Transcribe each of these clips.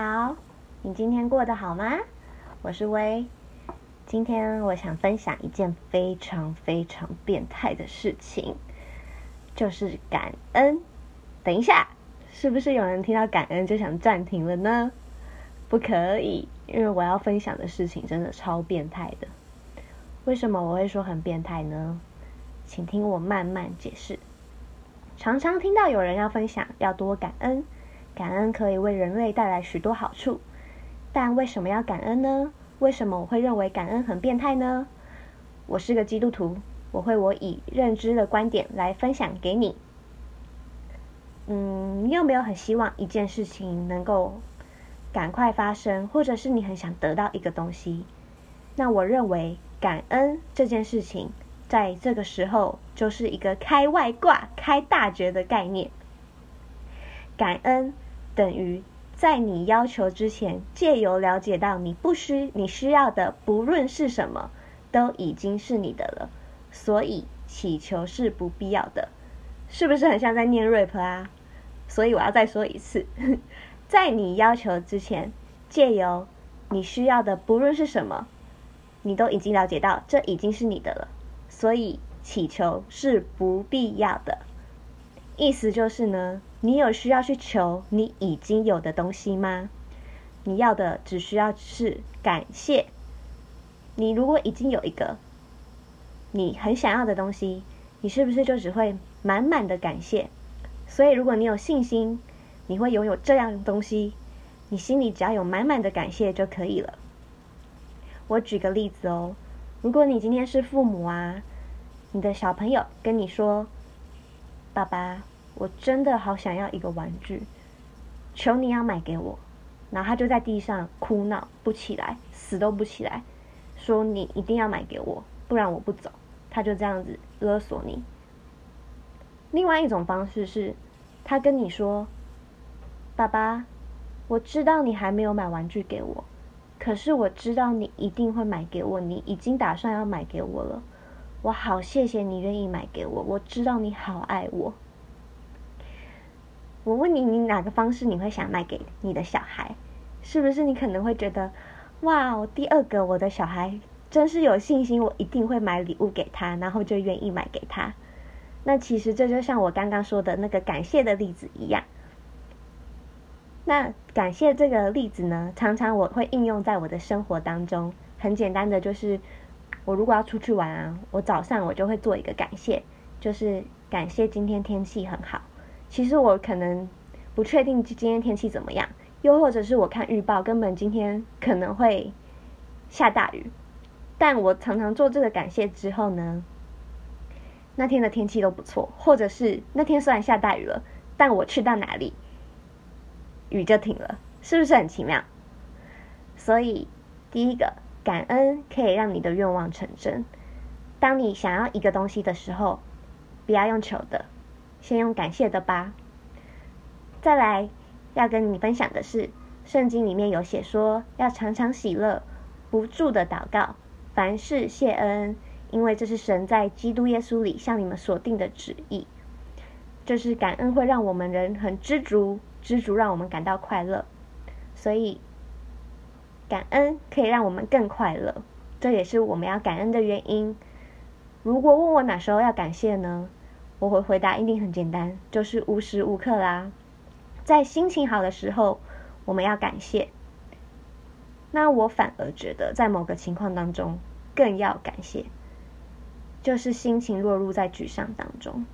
好，你今天過得好嗎？我是薇。今天我想分享一件非常非常變態的事情，就是感恩。等一下，是不是有人聽到感恩就想暫停了呢？不可以，因為我要分享的事情真的超變態的。為什麼我會說很變態呢？請聽我慢慢解釋。常常聽到有人要分享，要多感恩。感恩可以為人類帶來許多好處，但為什麼要感恩呢？為什麼我會認為感恩很變態呢？我是個基督徒，我會我以認知的觀點來分享給你。嗯，你有沒有很希望一件事情能夠趕快發生，或者是你很想得到一個東西？那我認為感恩這件事情，在這個時候就是一個開外掛、開大絕的概念。感恩等於在你要求之前，借由了解到你不需你需要的，不論是什麼，都已經是你的了。所以祈求是不必要的，是不是很像在念 rap 啊？所以我要再說一次， 在你要求之前，借由你需要的不論是什麼，你都已經了解到這已經是你的了。所以祈求是不必要的。意思就是呢。你有需要去求你已經有的東西嗎？你要的只需要是感謝。你如果已經有一個你很想要的東西，你是不是就只會滿滿的感謝？所以，如果你有信心，你會擁有這樣的東西，你心裡只要有滿滿的感謝就可以了。我舉個例子哦，如果你今天是父母啊，你的小朋友跟你說：“爸爸。”我真的好想要一個玩具，求你要買給我，然後他就在地上哭鬧不起來，死都不起來，說你一定要買給我，不然我不走。他就這樣子勒索你。另外一種方式是，他跟你說：“爸爸，我知道你還沒有買玩具給我，可是我知道你一定會買給我，你已經打算要買給我了。我好謝謝你願意買給我，我知道你好愛我。”我問你，你哪個方式你會想買給你的小孩？是不是你可能會覺得，哇，第二個我的小孩真是有信心，我一定會買禮物給他，然後就願意買給他。那其實這就像我剛剛說的那個感謝的例子一樣。那感謝這個例子呢，常常我會應用在我的生活當中。很簡單的，就是我如果要出去玩啊，我早上我就會做一個感謝，就是感謝今天天氣很好。其實我可能不確定今天天氣怎麼樣，又或者是我看預報，根本今天可能會下大雨。但我常常做這個感謝之後呢，那天的天氣都不錯，或者是那天雖然下大雨了，但我去到哪裡，雨就停了，是不是很奇妙？所以第一個，感恩可以讓你的願望成真。當你想要一個東西的時候，不要用求的。先用感謝的吧。再來要跟你分享的是，聖經裡面有寫說，要常常喜樂，不住的禱告，凡事謝恩，因為這是神在基督耶穌裡向你們所定的旨意。就是感恩會讓我們人很知足，知足讓我們感到快樂，所以感恩可以讓我們更快樂。這也是我們要感恩的原因。如果問我哪時候要感謝呢？我會回答，一定很簡單，就是無時無刻啦。在心情好的時候，我們要感謝。那我反而覺得，在某個情況當中，更要感謝，就是心情落入在沮喪當中。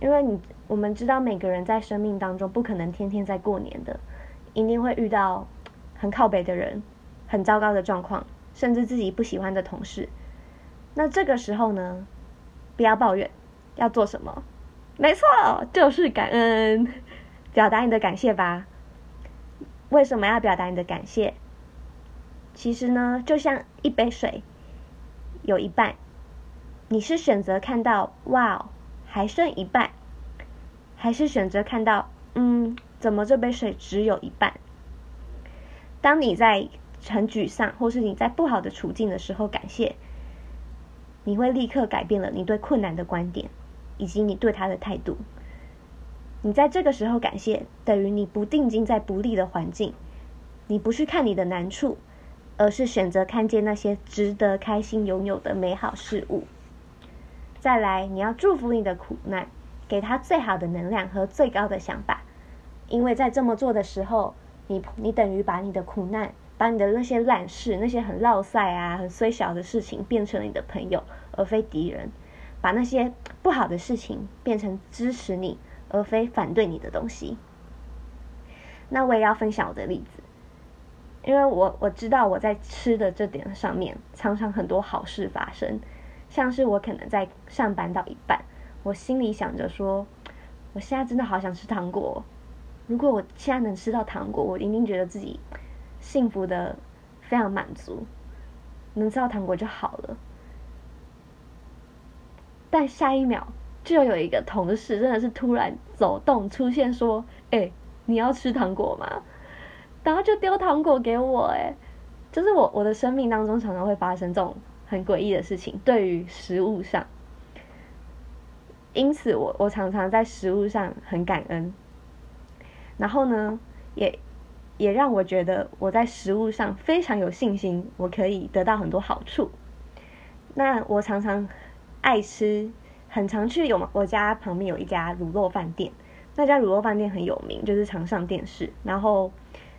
因為你，我們知道每個人在生命當中不可能天天在過年的，一定會遇到很靠北的人，很糟糕的狀況，甚至自己不喜歡的同事。那這個時候呢，不要抱怨。要做什麼？沒錯，就是感恩，表達你的感謝吧。為什麼要表達你的感謝？其實呢，就像一杯水，有一半，你是選擇看到“哇哦，還剩一半”，還是選擇看到“嗯，怎麼這杯水只有一半”？當你在很沮喪，或是你在不好的處境的時候，感謝，你會立刻改變了你對困難的觀點。以及你對他的態度，你在這個時候感謝，等於你不定睛在不利的環境，你不去看你的難處，而是選擇看見那些值得開心擁有的美好事物。再來，你要祝福你的苦難，給他最好的能量和最高的想法，因為在這麼做的時候，你你等於把你的苦難，把你的那些爛事、那些很落賽啊、很衰小的事情，變成了你的朋友，而非敵人。把那些不好的事情變成支持你而非反對你的東西。那我也要分享我的例子，因為我我知道我在吃的這點上面，常常很多好事發生。像是我可能在上班到一半，我心裡想着說，我現在真的好想吃糖果。如果我現在能吃到糖果，我一定覺得自己幸福得非常滿足。能吃到糖果就好了。但下一秒就有一個同事真的是突然走動出現，說：“哎，你要吃糖果嗎？”然後就丟糖果給我。哎，就是我我的生命當中常常會發生這種很詭異的事情，對於食物上。因此我，我常常在食物上很感恩。然後呢，也也讓我覺得我在食物上非常有信心，我可以得到很多好處。那我常常。愛吃，很常去，有我家旁邊有一家滷肉飯店，那家滷肉飯店很有名，就是常上電視，然後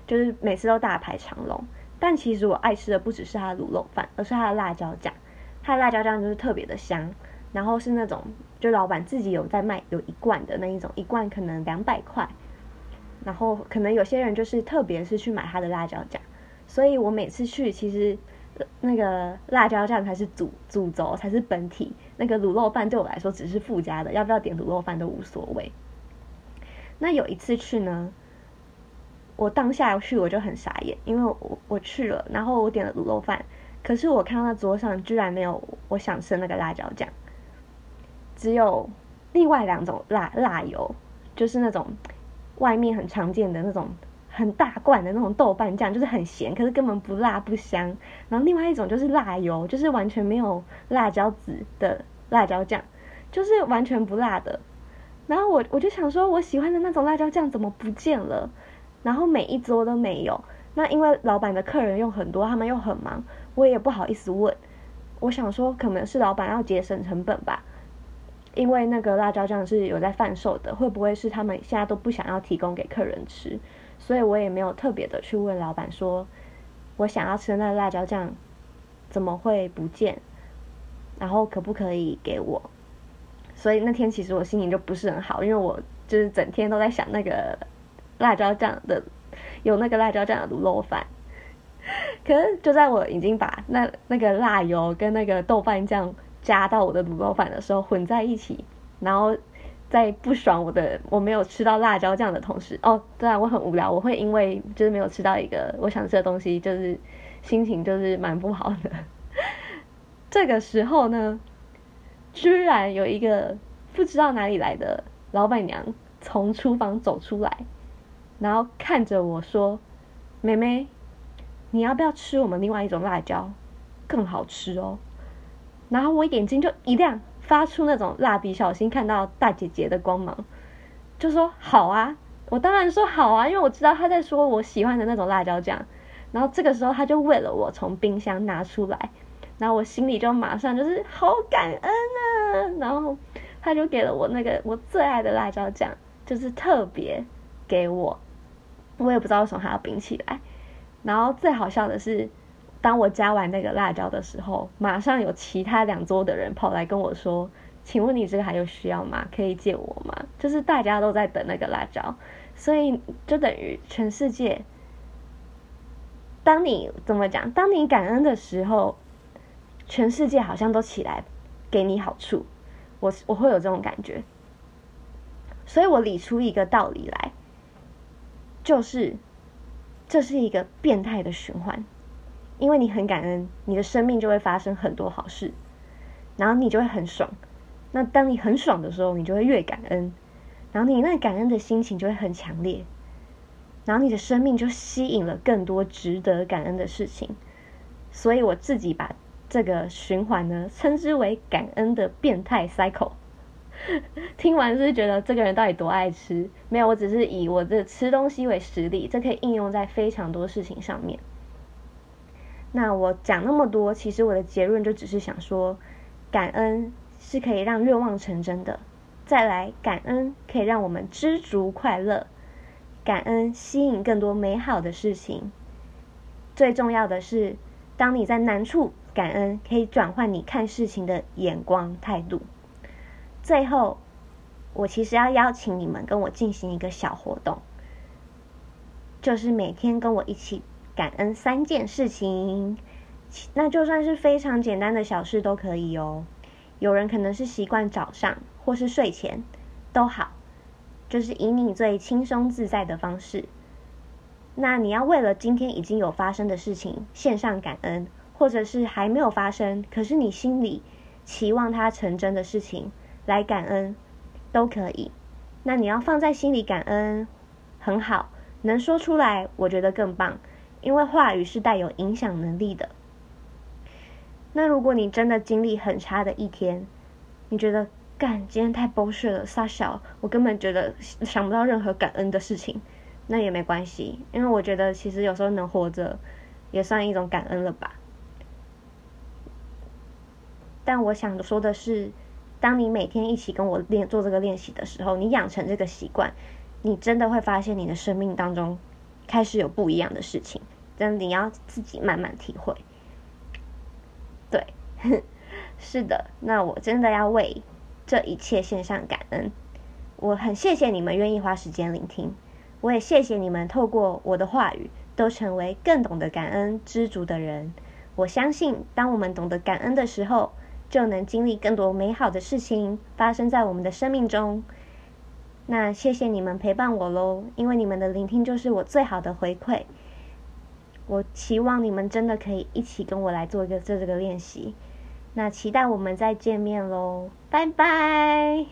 就是每次都大排長龍。但其實我愛吃的不只是他的滷肉飯，而是他的辣椒醬。他的辣椒醬就是特別的香，然後是那種就老板自己有在賣，有一罐的那一種，一罐可能兩百塊。然後可能有些人就是特別是去買他的辣椒醬，所以我每次去其實。那個辣椒醬才是主主軸，才是本體。那個滷肉飯對我來說只是附加的，要不要點滷肉飯都無所謂。那有一次去呢，我當下去我就很傻眼，因為我我去了，然後我點了滷肉飯，可是我看到那桌上居然沒有我想吃那個辣椒醬，只有另外兩種辣辣油，就是那種外面很常見的那種。很大罐的那種豆瓣醬，就是很鹹，可是根本不辣不香。然後另外一種就是辣油，就是完全沒有辣椒籽的辣椒醬，就是完全不辣的。然後我我就想說，我喜歡的那種辣椒醬怎麼不見了？然後每一桌都沒有。那因為老闆的客人又很多，他們又很忙，我也不好意思問。我想說，可能是老闆要節省成本吧，因為那個辣椒醬是有在販售的，會不會是他們現在都不想要提供給客人吃？所以我也沒有特別的去問老闆說，我想要吃的那個辣椒醬怎麼會不見，然後可不可以給我？所以那天其實我心情就不是很好，因為我就是整天都在想那個辣椒醬的，有那個辣椒醬的滷肉飯。可是就在我已經把那那個辣油跟那個豆瓣醬加到我的滷肉飯的時候混在一起，然後。在不爽我的我沒有吃到辣椒醬的同時，哦，對啊，我很無聊，我會因為就是沒有吃到一個我想吃的東西，就是心情就是蠻不好的。 這個時候呢，居然有一個不知道哪裡來的老闆娘從廚房走出來，然後看着我說：“妹妹，你要不要吃我們另外一種辣椒？更好吃哦！”然後我眼睛就一亮。發出那種蠟筆小新看到大姐姐的光芒，就說好啊，我當然說好啊，因為我知道他在說我喜歡的那種辣椒醬。然後這個時候他就為了我從冰箱拿出來，然後我心裡就馬上就是好感恩啊。然後他就給了我那個我最愛的辣椒醬，就是特別給我，我也不知道為什麼還要冰起來。然後最好笑的是。當我加完那個辣椒的時候，馬上有其他兩桌的人跑來跟我說：“請問你這個還有需要嗎？可以借我嗎？”就是大家都在等那個辣椒，所以就等於全世界。當你怎麼講？當你感恩的時候，全世界好像都起來給你好處。我我會有這種感覺，所以我理出一個道理來，就是這是一個變態的循環。因為你很感恩，你的生命就會發生很多好事，然後你就會很爽。那當你很爽的時候，你就會越感恩，然後你那感恩的心情就會很強烈，然後你的生命就吸引了更多值得感恩的事情。所以我自己把這個循環呢稱之為“感恩的變態 cycle”。 聽完是不是覺得這個人到底多愛吃？沒有，我只是以我的吃東西為實例，這可以應用在非常多事情上面。那我講那麼多，其實我的結論就只是想說，感恩是可以讓願望成真的。再來，感恩可以讓我們知足快樂，感恩吸引更多美好的事情。最重要的是，當你在難處，感恩可以轉換你看事情的眼光態度。最後，我其實要邀請你們跟我進行一個小活動，就是每天跟我一起。感恩三件事情，那就算是非常簡單的小事都可以哦。有人可能是習慣早上，或是睡前，都好，就是以你最輕鬆自在的方式。那你要為了今天已經有發生的事情獻上感恩，或者是還沒有發生，可是你心裡期望它成真的事情來感恩都可以。那你要放在心裡感恩，很好，能說出來我覺得更棒。因為話語是帶有影響能力的。那如果你真的經歷很差的一天，你覺得，幹，今天太 bullshit 了，撒小，我根本覺得想不到任何感恩的事情，那也沒關係，因為我覺得其實有時候能活着也算一種感恩了吧。但我想說的是，當你每天一起跟我練做這個練習的時候，你養成這個習慣，你真的會發現你的生命當中開始有不一樣的事情。真的，你要自己慢慢體會。對，是的。那我真的要為這一切獻上感恩。我很謝謝你們願意花時間聆聽，我也謝謝你們透過我的話語，都成為更懂得感恩、知足的人。我相信，當我們懂得感恩的時候，就能經歷更多美好的事情發生在我們的生命中。那謝謝你們陪伴我嘍，因為你們的聆聽就是我最好的回饋。我期望你們真的可以一起跟我來做一個這這個練習，那期待我們再見面嘍，拜拜。